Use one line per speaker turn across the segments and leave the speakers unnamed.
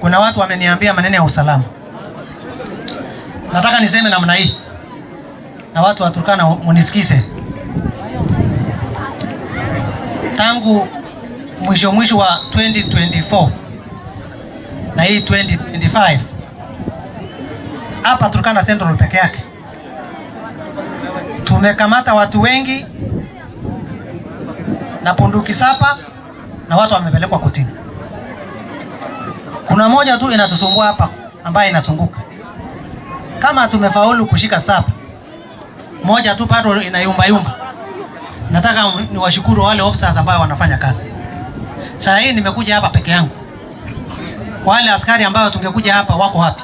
kuna watu wameniambia maneno ya usalama. Nataka niseme namna hii na watu wa Turkana munisikize. Tangu mwisho mwisho wa 2024 na hii 2025 hapa Turkana Central peke yake tumekamata watu wengi na punduki sapa na watu wamepelekwa kotini. Kuna moja tu inatusumbua hapa ambayo inasunguka. Kama tumefaulu kushika saba, moja tu bado inayumba yumba. Nataka niwashukuru wale officers ambao wanafanya kazi. Saa hii nimekuja hapa peke yangu. Wale askari ambao tungekuja hapa wako hapa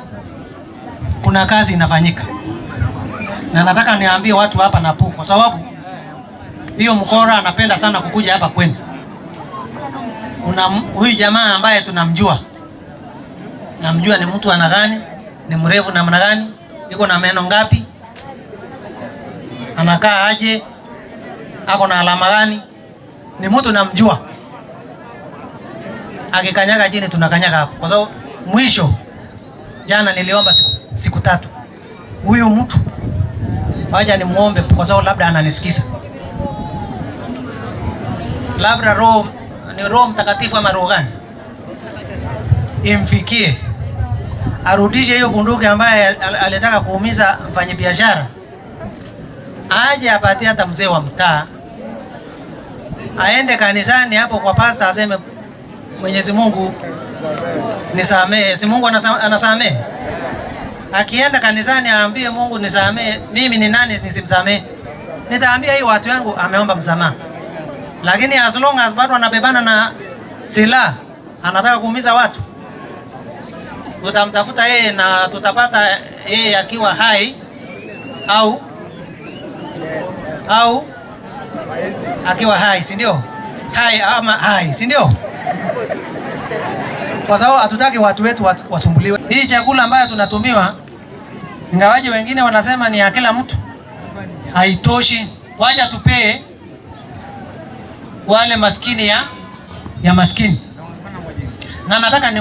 Kuna kazi inafanyika. Na nataka niambie watu hapa Napu kwa sababu hiyo mkora anapenda sana kukuja hapa kwenu. Kuna huyu jamaa ambaye tunamjua namjua ni mtu ana gani, ni mrefu namna gani, yuko na meno ngapi, anakaa aje, ako na alama gani, ni mtu namjua. Akikanyaga chini tunakanyaga hapo, kwa sababu mwisho jana niliomba siku, siku tatu huyu mtu waja nimuombe, kwa sababu labda ananisikiza, labda roho ni Roho Mtakatifu ama roho gani imfikie, arudishe hiyo bunduki ambaye alitaka kuumiza mfanyabiashara, aje apatie hata mzee wa mtaa, aende kanisani hapo kwa pasta, aseme Mwenyezi Mungu nisamehe. Si Mungu anasamehe? Akienda kanisani aambie Mungu nisamehe, mimi ni nani nisimsamehe? Nitaambia hii watu yangu ameomba msamaha, lakini as long as bado anabebana na silaha anataka kuumiza watu, tutamtafuta yeye na tutapata yeye akiwa hai au au akiwa hai, si ndio? Hai ama hai, si ndio? Kwa sababu hatutaki watu wetu wasumbuliwe. Hii chakula ambayo tunatumiwa, ingawaji wengine wanasema ni ya kila mtu, haitoshi. Wacha tupee wale maskini ya, ya maskini na nataka ni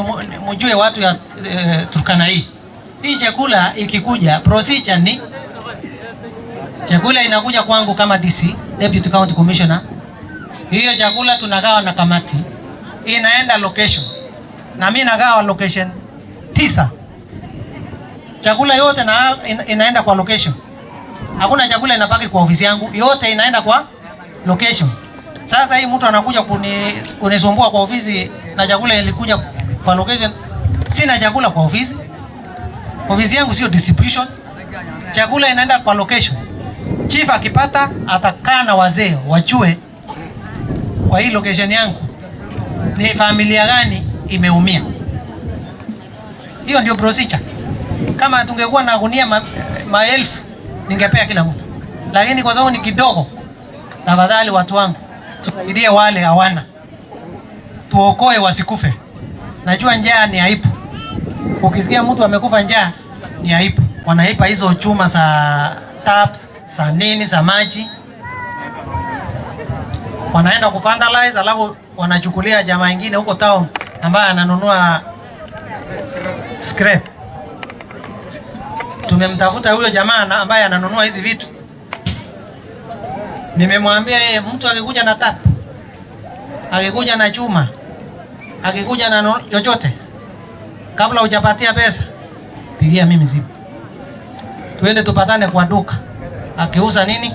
mjue watu ya e, Turkana hii hii chakula ikikuja procedure ni chakula inakuja kwangu kama DC Deputy County Commissioner. Hiyo chakula tunagawa na kamati inaenda location, na mimi nagawa location tisa. Chakula yote na inaenda kwa location, hakuna chakula inabaki kwa ofisi yangu, yote inaenda kwa location. Sasa hii mtu anakuja kunisumbua kwa ofisi na chakula ilikuja kwa location. Sina chakula kwa ofisi, ofisi yangu sio distribution, chakula inaenda kwa location. Chief akipata atakaa na wazee wajue kwa hii location yangu ni familia gani imeumia. Hiyo ndio procedure. Kama tungekuwa na gunia ma maelfu ningepea kila mtu, lakini kwa sababu ni kidogo, tafadhali watu wangu tusaidie wale hawana tuokoe wasikufe. Najua njaa ni aibu, ukisikia mtu amekufa njaa ni aibu. Wanaipa hizo chuma za taps za nini za maji, wanaenda kuvandalize, alafu wanachukulia jamaa ingine huko town ambaye ananunua scrap. Tumemtafuta huyo jamaa ambaye ananunua hizi vitu, nimemwambia yeye, eh, mtu akikuja na tap, akikuja na chuma akikuja na chochote kabla hujapatia pesa, pigia mimi simu, tuende tupatane kwa duka, akiuza nini,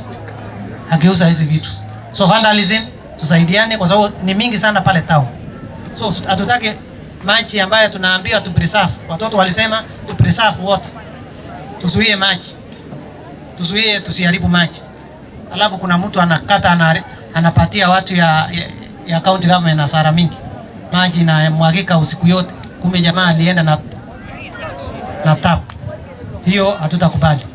akiuza hizi vitu. So vandalism, tusaidiane kwa sababu ni mingi sana pale tao. So hatutaki maji ambayo tunaambiwa tu preserve. Watoto walisema tu preserve water, tuzuie maji, tuzuie tusiharibu maji. Alafu kuna mtu anakata anapatia watu ya, ya, ya county government hasara mingi maji na mwagika usiku yote, kumbe jamaa alienda na, na tap hiyo hatutakubali.